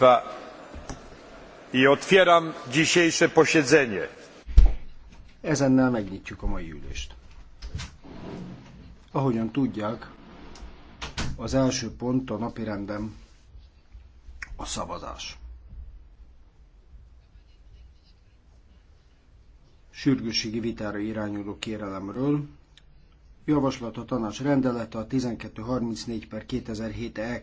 państwa! otwieram dzisiejsze posiedzenie. ezennel megnyitjuk a mai ülést. ahogyan tudják az első pont a napirenden a szavazás. Sürgősségi vitára irányuló kérelemről javaslat a tanács rendelete a 1234 per 2007 EK